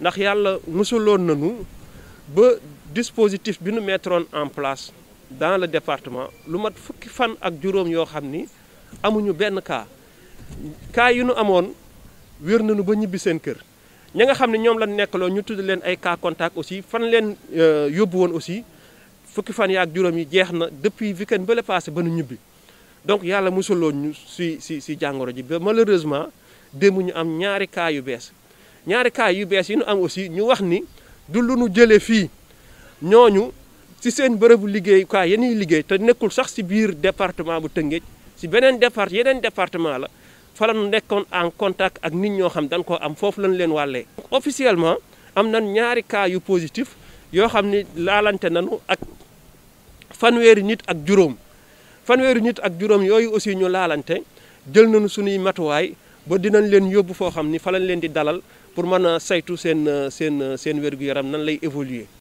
ndax yàlla mësuloon ba dispositif bi nu en place dans le département lu mat fukki fan ak juróom yoo xam amuñu benn cas cas ba kër nga xam lañ nekkaloo ñu tudd leen ay cas contact aussi fan leen euh, yóbbu aussi fukki fan yi depuis weekend passé ba donc si si si malheureusement am ñaari cas yu ñaari kaa yu bees yi ñu am aussi ñu wax ni du lu nu jëlee fii ñooñu si seen bërëbu liggéeyukaay yéen ñuy liggéey te nekkul sax si biir département bu Tëngéej ci beneen départ yeneen département la fa la nekkoon en contact ak nit ñoo xam dañ ko am foofu lañ leen wàllee. officiellement am na ñaari kaa yu positif yoo xam ni laalante nañu ak fanweeri nit ak juróom fanweeri nit ak juróom yooyu aussi ñu laalante jël nañu suñuy matuwaay. ba dinañ leen yóbbu foo xam ni fa lañ leen di dalal pour mën a saytu seen seen seen wér yaram nan lay évoluer